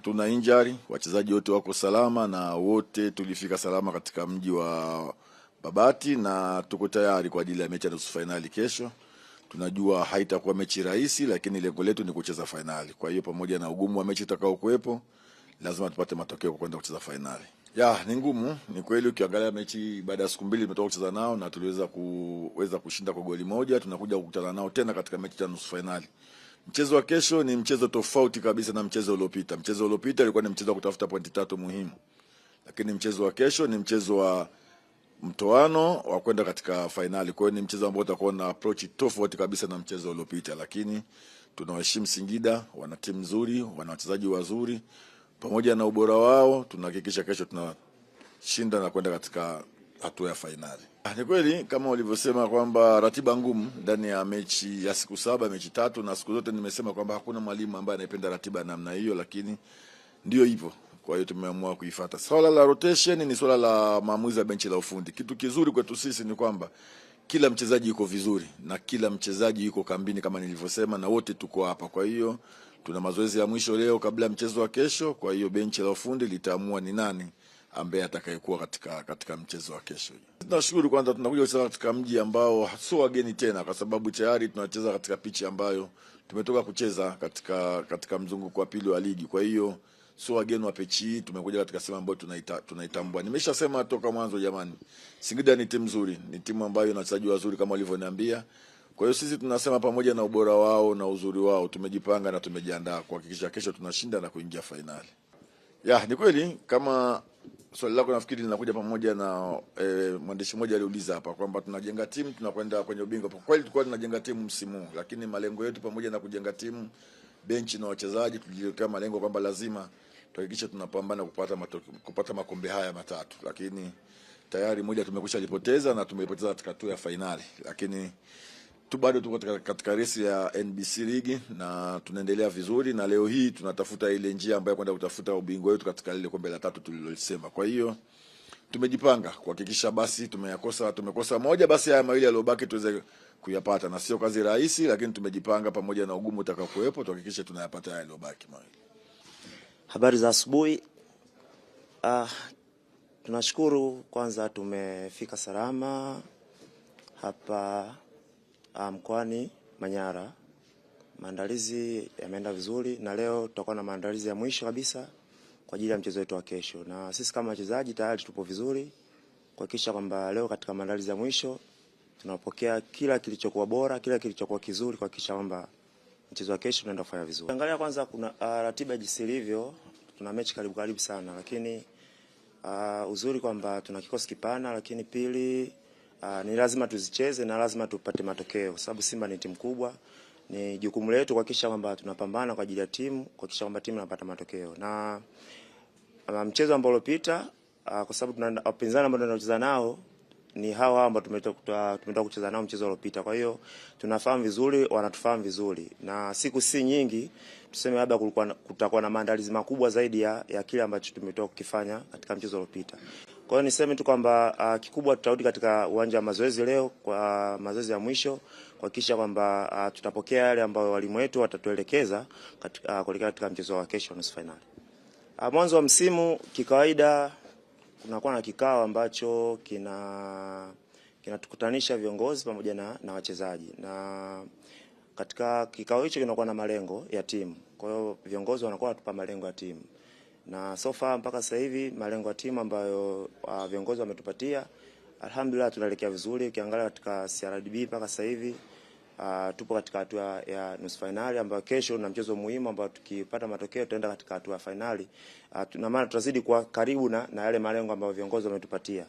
hatuna injari, wachezaji wote wako salama na wote tulifika salama katika mji wa Babati na tuko tayari kwa ajili ya mechi ya nusu fainali kesho. Tunajua haitakuwa mechi rahisi, lakini lengo letu ni kucheza fainali. Kwa hiyo pamoja na ugumu wa mechi utakao kuwepo, lazima tupate matokeo kwa kwenda kucheza fainali. Ya, ni ngumu, ni kweli. Ukiangalia mechi baada ya siku mbili tumetoka kucheza nao na tuliweza kuweza kushinda kwa goli moja. Tunakuja kukutana nao tena katika mechi ya nusu fainali. Mchezo wa kesho ni mchezo tofauti kabisa na mchezo uliopita. Mchezo uliopita ulikuwa ni mchezo wa kutafuta pointi tatu muhimu, lakini mchezo wa kesho ni mchezo wa mtoano wa kwenda katika fainali. Kwa hiyo ni mchezo ambao utakuwa na approach tofauti kabisa na mchezo uliopita, lakini tunawaheshimu Singida, wana timu nzuri, wana wachezaji wazuri, pamoja na ubora wao tunahakikisha kesho tunashinda na kwenda katika hatua ya fainali. Ah, ni kweli kama ulivyosema kwamba ratiba ngumu ndani ya mechi ya siku saba, mechi tatu, na siku zote nimesema kwamba hakuna mwalimu ambaye anaipenda ratiba ya namna hiyo, lakini ndio hivyo. Kwa hiyo tumeamua kuifuata. Swala la rotation ni swala la maamuzi ya benchi la ufundi. Kitu kizuri kwetu sisi ni kwamba kila mchezaji yuko vizuri na kila mchezaji yuko kambini kama nilivyosema, na wote tuko hapa. Kwa hiyo tuna mazoezi ya mwisho leo kabla ya mchezo wa kesho. Kwa hiyo benchi la ufundi litaamua ni nani ambaye atakayekuwa katika, katika mchezo wa kesho. Tunashukuru kwanza, tunakuja kucheza katika mji ambao sio wageni tena, kwa sababu tayari tunacheza katika pichi ambayo tumetoka kucheza katika, katika mzunguko wa pili wa ligi. Kwa hiyo sio wageni wa pichi hii, tumekuja katika sehemu ambayo tunaita, tunaitambua. Nimeshasema toka mwanzo, jamani, Singida ni timu nzuri, ni timu ambayo ina wachezaji wazuri kama walivyoniambia. Kwa hiyo sisi tunasema pamoja na ubora wao na uzuri wao, tumejipanga na tumejiandaa kuhakikisha kesho tunashinda na kuingia fainali. Ya, ni kweli kama swali lako nafikiri linakuja pamoja na e, mwandishi mmoja aliuliza hapa kwamba tunajenga timu tunakwenda kwenye ubingwa. Kwa kweli tulikuwa tunajenga timu msimu, lakini malengo yetu pamoja na kujenga timu, benchi na wachezaji, tulijiwekea malengo kwamba lazima tuhakikishe tunapambana kupata matokeo, kupata makombe haya matatu, lakini tayari moja tumekwisha lipoteza na tumeipoteza katika hatua ya fainali, lakini tu bado tuko katika resi ya NBC ligi na tunaendelea vizuri, na leo hii tunatafuta ile njia ambayo kwenda kutafuta ubingwa wetu katika lile kombe la tatu tulilosema Kwa hiyo tumejipanga kuhakikisha basi tumeyakosa tumekosa moja, basi haya mawili yaliyobaki tuweze kuyapata, na sio kazi rahisi, lakini tumejipanga, pamoja na ugumu utakaokuwepo, tuhakikishe tunayapata haya yaliyobaki mawili. Habari za asubuhi. Uh, tunashukuru kwanza tumefika salama hapa Ah, mkoani Manyara. Maandalizi yameenda vizuri na leo tutakuwa na maandalizi ya mwisho kabisa kwa ajili ya mchezo wetu wa kesho, na sisi kama wachezaji tayari tupo vizuri kuhakikisha kwamba leo katika maandalizi ya mwisho tunapokea kila kilichokuwa bora, kila kilichokuwa kizuri kuhakikisha kwamba mchezo wa kesho unaenda kufanya vizuri. Angalia kwanza kuna uh, ratiba jinsi ilivyo, tuna mechi karibu karibu sana, lakini uh, uzuri kwamba tuna kikosi kipana, lakini pili uh, ni lazima tuzicheze na lazima tupate matokeo, sababu Simba ni timu kubwa. Ni jukumu letu kuhakikisha kwamba tunapambana kwa ajili ya timu, kuhakikisha kwamba timu inapata matokeo na uh, mchezo ambao uliopita uh, kwa sababu tuna wapinzani ambao tunacheza nao ni hawa hawa ambao tumetoka tumetoka kucheza nao mchezo uliopita. Kwa hiyo tunafahamu vizuri, wanatufahamu vizuri, na siku si nyingi, tuseme labda kulikuwa kutakuwa na maandalizi makubwa zaidi ya, ya kile ambacho tumetoka kukifanya katika mchezo uliopita. Kwa hiyo niseme tu kwamba uh, kikubwa tutarudi katika uwanja wa mazoezi leo kwa mazoezi ya mwisho kuhakikisha kwamba uh, tutapokea yale ambayo walimu wetu watatuelekeza katika, uh, kuelekea katika mchezo wa kesho nusu finali. Uh, mwanzo wa msimu kikawaida kunakuwa na kikao ambacho kina kinatukutanisha viongozi pamoja na, na wachezaji na katika kikao hicho kinakuwa na malengo ya timu. Kwa hiyo viongozi wanakuwa watupa malengo ya timu na sofa mpaka sasa hivi malengo ya timu ambayo uh, viongozi wametupatia alhamdulillah, tunaelekea vizuri. Ukiangalia katika CRDB mpaka sasa hivi uh, tupo katika hatua ya nusu fainali ambayo kesho na mchezo muhimu ambao tukipata matokeo tutaenda katika hatua ya fainali uh, na maana tutazidi kuwa karibu na, na yale malengo ambayo viongozi wametupatia.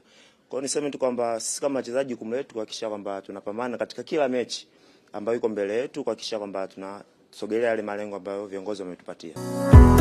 Kwa hiyo niseme tu kwamba sisi kama wachezaji, jukumu letu kuhakikisha kwamba tunapambana katika kila mechi ambayo iko mbele yetu kuhakikisha kwamba tunasogelea yale malengo ambayo viongozi wametupatia.